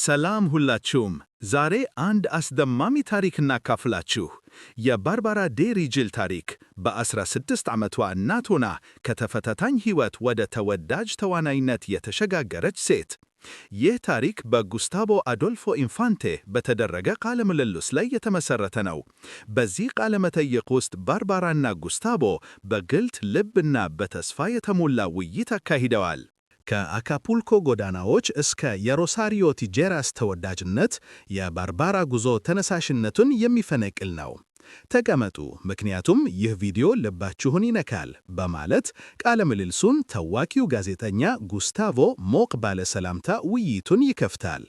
ሰላም ሁላችሁም። ዛሬ አንድ አስደማሚ ታሪክ እናካፍላችሁ። የባርባራ ዴሪጅል ታሪክ በ16 ዓመቷ እናት ሆና ከተፈታታኝ ሕይወት ወደ ተወዳጅ ተዋናይነት የተሸጋገረች ሴት። ይህ ታሪክ በጉስታቮ አዶልፎ ኢንፋንቴ በተደረገ ቃለ ምልልስ ላይ የተመሠረተ ነው። በዚህ ቃለ መጠይቅ ውስጥ ባርባራና ጉስታቮ በግልት ልብና በተስፋ የተሞላ ውይይት አካሂደዋል። ከአካፑልኮ ጎዳናዎች እስከ የሮሳሪዮ ቲጄራስ ተወዳጅነት የባርባራ ጉዞ ተነሳሽነቱን የሚፈነቅል ነው። ተቀመጡ ምክንያቱም ይህ ቪዲዮ ልባችሁን ይነካል በማለት ቃለ ምልልሱን ታዋቂው ጋዜጠኛ ጉስታቮ ሞቅ ባለ ሰላምታ ውይይቱን ይከፍታል።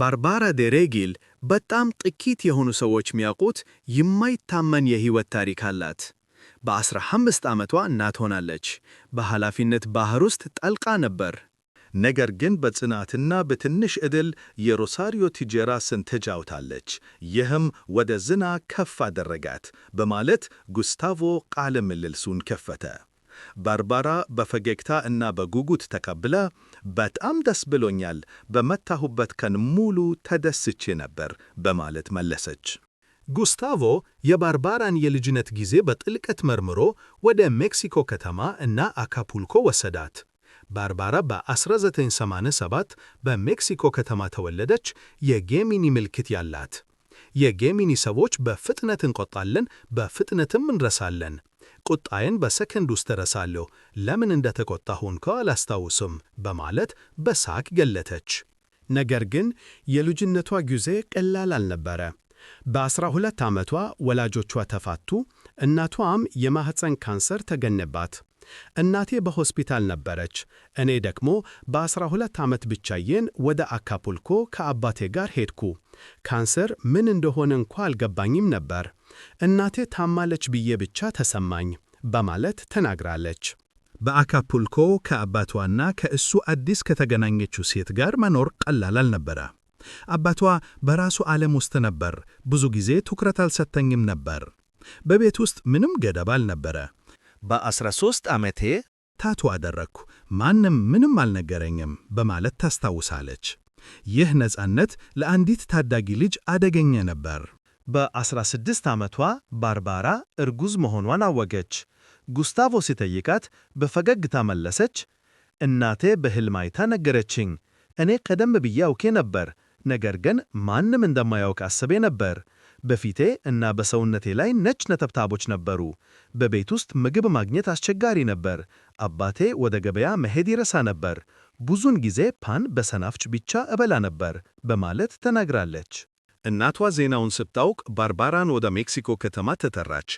ባርባራ ዴሬጊል በጣም ጥቂት የሆኑ ሰዎች የሚያውቁት የማይታመን የሕይወት ታሪክ አላት። በ15 ዓመቷ እናት ሆናለች። በኃላፊነት ባህር ውስጥ ጠልቃ ነበር። ነገር ግን በጽናትና በትንሽ ዕድል የሮሳሪዮ ቲጀራስን ተጫውታለች። ይህም ወደ ዝና ከፍ አደረጋት በማለት ጉስታቮ ቃለ ምልልሱን ከፈተ። ባርባራ በፈገግታ እና በጉጉት ተቀብላ፣ በጣም ደስ ብሎኛል፣ በመታሁበት ቀን ሙሉ ተደስቼ ነበር በማለት መለሰች። ጉስታቮ የባርባራን የልጅነት ጊዜ በጥልቀት መርምሮ ወደ ሜክሲኮ ከተማ እና አካፑልኮ ወሰዳት። ባርባራ በ1987 በሜክሲኮ ከተማ ተወለደች፣ የጌሚኒ ምልክት ያላት። የጌሚኒ ሰዎች በፍጥነት እንቆጣለን፣ በፍጥነትም እንረሳለን። ቁጣዬን በሰከንድ ውስጥ እረሳለሁ፣ ለምን እንደተቆጣ ሆንኩ አላስታውስም በማለት በሳቅ ገለተች። ነገር ግን የልጅነቷ ጊዜ ቀላል አልነበረ። በ12 ዓመቷ ወላጆቿ ተፋቱ፣ እናቷም የማህፀን ካንሰር ተገነባት። እናቴ በሆስፒታል ነበረች፣ እኔ ደግሞ በ12 ዓመት ብቻዬን ወደ አካፑልኮ ከአባቴ ጋር ሄድኩ። ካንሰር ምን እንደሆነ እንኳ አልገባኝም ነበር። እናቴ ታማለች ብዬ ብቻ ተሰማኝ በማለት ተናግራለች። በአካፑልኮ ከአባቷና ከእሱ አዲስ ከተገናኘችው ሴት ጋር መኖር ቀላል አልነበረ። አባቷ በራሱ ዓለም ውስጥ ነበር። ብዙ ጊዜ ትኩረት አልሰጠኝም ነበር። በቤት ውስጥ ምንም ገደብ አልነበረ። ሦስት ዓመቴ ታቱ አደረግኩ፣ ማንም ምንም አልነገረኝም በማለት ታስታውሳለች። ይህ ነፃነት ለአንዲት ታዳጊ ልጅ አደገኛ ነበር። በ16 ዓመቷ ባርባራ እርጉዝ መሆኗን አወገች። ጉስታቮ ሲጠይቃት በፈገግታ መለሰች፣ እናቴ በሕልም አይታ ነገረችኝ። እኔ ቀደም ብዬ አውቄ ነበር ነገር ግን ማንም እንደማያውቅ አስቤ ነበር። በፊቴ እና በሰውነቴ ላይ ነጭ ነጠብጣቦች ነበሩ። በቤት ውስጥ ምግብ ማግኘት አስቸጋሪ ነበር። አባቴ ወደ ገበያ መሄድ ይረሳ ነበር። ብዙውን ጊዜ ፓን በሰናፍጭ ብቻ እበላ ነበር በማለት ተናግራለች። እናቷ ዜናውን ስታውቅ ባርባራን ወደ ሜክሲኮ ከተማ ተጠራች።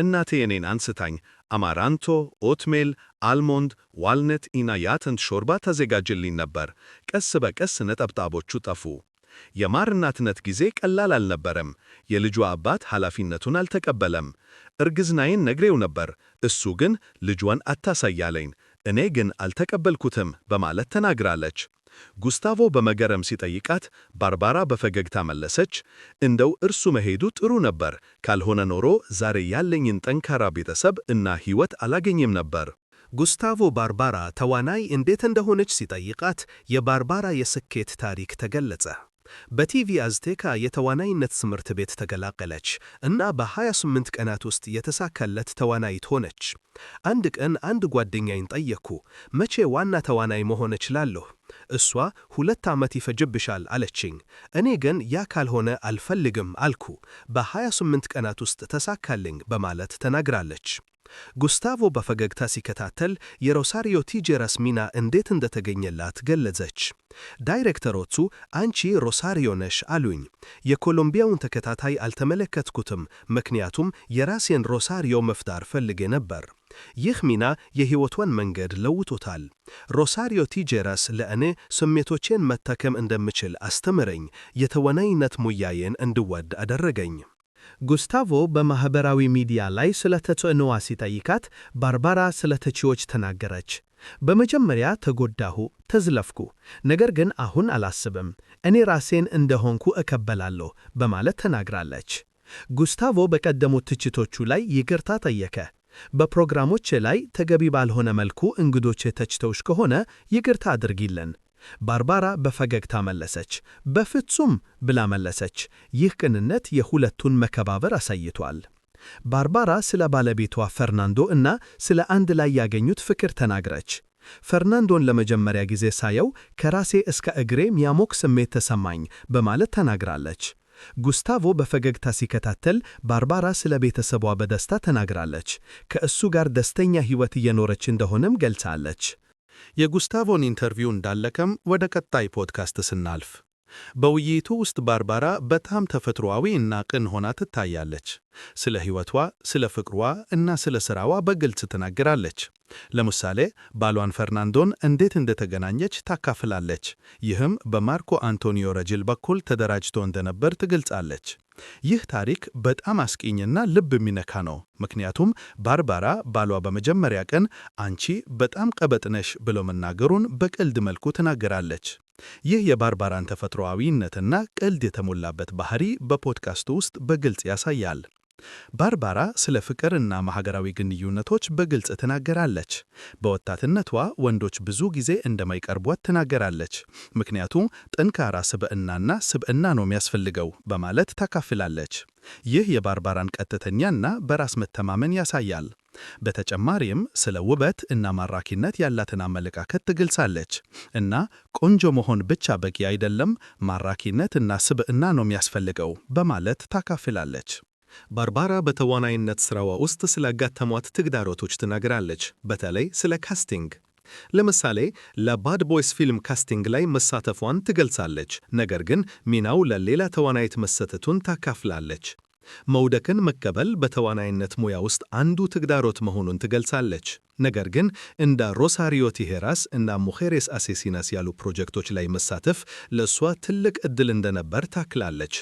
እናቴ የኔን አንስታኝ አማራንቶ፣ ኦትሜል፣ አልሞንድ፣ ዋልነት ኢና የአጥንት ሾርባ ተዘጋጅልኝ ነበር። ቀስ በቀስ ነጠብጣቦቹ ጠፉ። የማር እናትነት ጊዜ ቀላል አልነበረም። የልጇ አባት ኃላፊነቱን አልተቀበለም። እርግዝናዬን ነግሬው ነበር፣ እሱ ግን ልጇን አታሳያለኝ፣ እኔ ግን አልተቀበልኩትም በማለት ተናግራለች። ጉስታቮ በመገረም ሲጠይቃት ባርባራ በፈገግታ መለሰች፣ እንደው እርሱ መሄዱ ጥሩ ነበር፣ ካልሆነ ኖሮ ዛሬ ያለኝን ጠንካራ ቤተሰብ እና ሕይወት አላገኘም ነበር። ጉስታቮ ባርባራ ተዋናይ እንዴት እንደሆነች ሲጠይቃት የባርባራ የስኬት ታሪክ ተገለጸ። በቲቪ አዝቴካ የተዋናይነት ትምህርት ቤት ተገላቀለች እና በ28 ቀናት ውስጥ የተሳካለት ተዋናይት ሆነች። አንድ ቀን አንድ ጓደኛዬን ጠየቅኩ፣ መቼ ዋና ተዋናይ መሆን እችላለሁ? እሷ ሁለት ዓመት ይፈጅብሻል አለችኝ። እኔ ግን ያ ካልሆነ አልፈልግም አልኩ። በ28 ቀናት ውስጥ ተሳካልኝ በማለት ተናግራለች። ጉስታቮ በፈገግታ ሲከታተል የሮሳሪዮ ቲጄራስ ሚና እንዴት እንደተገኘላት ገለጸች። ዳይሬክተሮቹ አንቺ ሮሳሪዮ ነሽ አሉኝ። የኮሎምቢያውን ተከታታይ አልተመለከትኩትም፣ ምክንያቱም የራሴን ሮሳሪዮ መፍጠር ፈልጌ ነበር። ይህ ሚና የሕይወቷን መንገድ ለውቶታል። ሮሳሪዮ ቲጄራስ ለእኔ ስሜቶቼን መታከም እንደምችል አስተምረኝ፣ የተወናይነት ሙያዬን እንድወድ አደረገኝ። ጉስታቮ በማኅበራዊ ሚዲያ ላይ ስለ ተጽዕኖዋ ሲጠይቃት ባርባራ ስለ ተቺዎች ተናገረች። በመጀመሪያ ተጎዳሁ፣ ተዝለፍኩ፣ ነገር ግን አሁን አላስብም፣ እኔ ራሴን እንደሆንኩ እቀበላለሁ በማለት ተናግራለች። ጉስታቮ በቀደሙት ትችቶቹ ላይ ይቅርታ ጠየቀ። በፕሮግራሞች ላይ ተገቢ ባልሆነ መልኩ እንግዶች ተችተውሽ ከሆነ ይቅርታ አድርጊልን። ባርባራ በፈገግታ መለሰች። በፍጹም ብላ መለሰች። ይህ ቅንነት የሁለቱን መከባበር አሳይቷል። ባርባራ ስለ ባለቤቷ ፈርናንዶ እና ስለ አንድ ላይ ያገኙት ፍቅር ተናግረች። ፈርናንዶን ለመጀመሪያ ጊዜ ሳየው ከራሴ እስከ እግሬ ሚያሞቅ ስሜት ተሰማኝ በማለት ተናግራለች። ጉስታቮ በፈገግታ ሲከታተል ባርባራ ስለ ቤተሰቧ በደስታ ተናግራለች። ከእሱ ጋር ደስተኛ ሕይወት እየኖረች እንደሆነም ገልጻለች። የጉስታቮን ኢንተርቪው እንዳለቀም ወደ ቀጣይ ፖድካስት ስናልፍ በውይይቱ ውስጥ ባርባራ በጣም ተፈጥሯዊ እና ቅን ሆና ትታያለች። ስለ ሕይወቷ፣ ስለ ፍቅሯ እና ስለ ሥራዋ በግልጽ ትናገራለች። ለምሳሌ ባሏን ፈርናንዶን እንዴት እንደተገናኘች ታካፍላለች። ይህም በማርኮ አንቶኒዮ ረጅል በኩል ተደራጅቶ እንደነበር ትገልጻለች። ይህ ታሪክ በጣም አስቂኝና ልብ የሚነካ ነው፣ ምክንያቱም ባርባራ ባሏ በመጀመሪያ ቀን አንቺ በጣም ቀበጥነሽ ብሎ መናገሩን በቀልድ መልኩ ትናገራለች። ይህ የባርባራን ተፈጥሮአዊነትና ቀልድ የተሞላበት ባህሪ በፖድካስቱ ውስጥ በግልጽ ያሳያል። ባርባራ ስለ ፍቅር እና ማህበራዊ ግንኙነቶች በግልጽ ትናገራለች። በወጣትነቷ ወንዶች ብዙ ጊዜ እንደማይቀርቧት ትናገራለች። ምክንያቱም ጠንካራ ስብዕናና ስብዕና ነው የሚያስፈልገው በማለት ታካፍላለች። ይህ የባርባራን ቀጥተኛና በራስ መተማመን ያሳያል። በተጨማሪም ስለ ውበት እና ማራኪነት ያላትን አመለካከት ትገልጻለች እና ቆንጆ መሆን ብቻ በቂ አይደለም፣ ማራኪነት እና ስብዕና ነው የሚያስፈልገው በማለት ታካፍላለች። ባርባራ በተዋናይነት ሥራዋ ውስጥ ስላጋጠሟት ትግዳሮቶች ትናገራለች፣ በተለይ ስለ ካስቲንግ። ለምሳሌ ለባድ ቦይስ ፊልም ካስቲንግ ላይ መሳተፏን ትገልጻለች፣ ነገር ግን ሚናው ለሌላ ተዋናይት መሰተቱን ታካፍላለች። መውደቅን መቀበል በተዋናይነት ሙያ ውስጥ አንዱ ትግዳሮት መሆኑን ትገልጻለች። ነገር ግን እንደ ሮሳሪዮ ቲሄራስ እና ሙሄሬስ አሴሲናስ ያሉ ፕሮጀክቶች ላይ መሳተፍ ለእሷ ትልቅ ዕድል እንደነበር ታክላለች።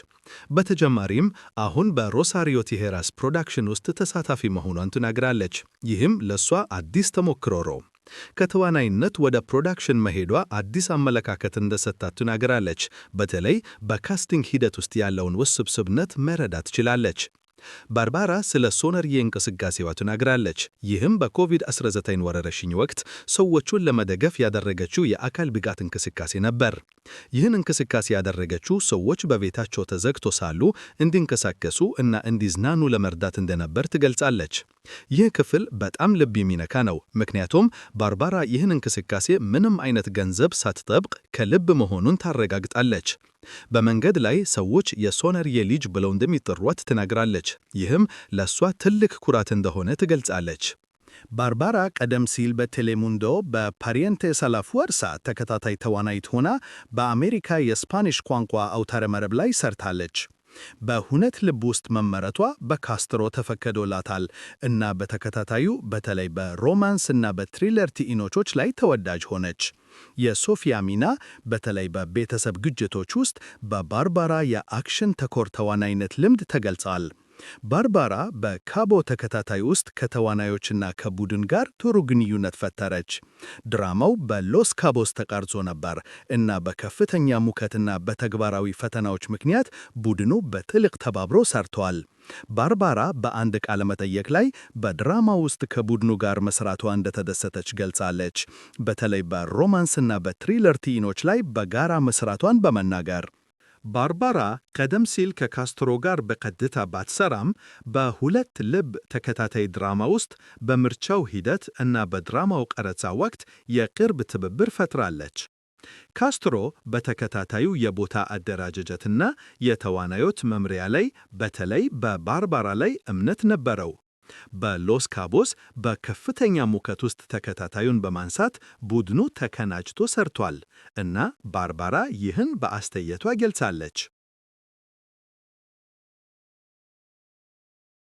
በተጨማሪም አሁን በሮሳሪዮ ቲሄራስ ፕሮዳክሽን ውስጥ ተሳታፊ መሆኗን ትናግራለች። ይህም ለእሷ አዲስ ተሞክሮ ነው። ከተዋናይነት ወደ ፕሮዳክሽን መሄዷ አዲስ አመለካከት እንደሰጣት ትናገራለች። በተለይ በካስቲንግ ሂደት ውስጥ ያለውን ውስብስብነት መረዳት ችላለች። ባርባራ ስለ ሶነርዬ እንቅስቃሴዋ ትናግራለች። ይህም በኮቪድ-19 ወረርሽኝ ወቅት ሰዎቹን ለመደገፍ ያደረገችው የአካል ብቃት እንቅስቃሴ ነበር። ይህን እንቅስቃሴ ያደረገችው ሰዎች በቤታቸው ተዘግቶ ሳሉ እንዲንቀሳቀሱ እና እንዲዝናኑ ለመርዳት እንደነበር ትገልጻለች። ይህ ክፍል በጣም ልብ የሚነካ ነው፣ ምክንያቱም ባርባራ ይህን እንቅስቃሴ ምንም አይነት ገንዘብ ሳትጠብቅ ከልብ መሆኑን ታረጋግጣለች። በመንገድ ላይ ሰዎች የሶነር የልጅ ብለው እንደሚጠሯት ትናግራለች። ይህም ለእሷ ትልቅ ኩራት እንደሆነ ትገልጻለች። ባርባራ ቀደም ሲል በቴሌሙንዶ በፓሪየንቴስ አላ ፉርሳ ተከታታይ ተዋናይት ሆና በአሜሪካ የስፓኒሽ ቋንቋ አውታረ መረብ ላይ ሰርታለች። በሁነት ልብ ውስጥ መመረቷ በካስትሮ ተፈክዶላታል እና በተከታታዩ በተለይ በሮማንስ እና በትሪለር ቲኢኖቾች ላይ ተወዳጅ ሆነች። የሶፊያ ሚና በተለይ በቤተሰብ ግጭቶች ውስጥ በባርባራ የአክሽን ተኮር ተዋናይነት ልምድ ተገልጿል። ባርባራ በካቦ ተከታታይ ውስጥ ከተዋናዮችና ከቡድን ጋር ጥሩ ግንኙነት ፈጠረች። ድራማው በሎስ ካቦስ ተቃርጾ ነበር እና በከፍተኛ ሙከትና በተግባራዊ ፈተናዎች ምክንያት ቡድኑ በትልቅ ተባብሮ ሰርተዋል። ባርባራ በአንድ ቃለ መጠየቅ ላይ በድራማ ውስጥ ከቡድኑ ጋር መስራቷ እንደተደሰተች ገልጻለች፣ በተለይ በሮማንስና በትሪለር ትዕይኖች ላይ በጋራ መስራቷን በመናገር ባርባራ ቀደም ሲል ከካስትሮ ጋር በቀጥታ ባትሰራም በሁለት ልብ ተከታታይ ድራማ ውስጥ በምርጫው ሂደት እና በድራማው ቀረጻ ወቅት የቅርብ ትብብር ፈጥራለች። ካስትሮ በተከታታዩ የቦታ አደራጀጀትና የተዋናዮች መምሪያ ላይ በተለይ በባርባራ ላይ እምነት ነበረው። በሎስ ካቦስ በከፍተኛ ሙከት ውስጥ ተከታታዩን በማንሳት ቡድኑ ተከናጅቶ ሰርቷል እና ባርባራ ይህን በአስተያየቷ ገልጻለች።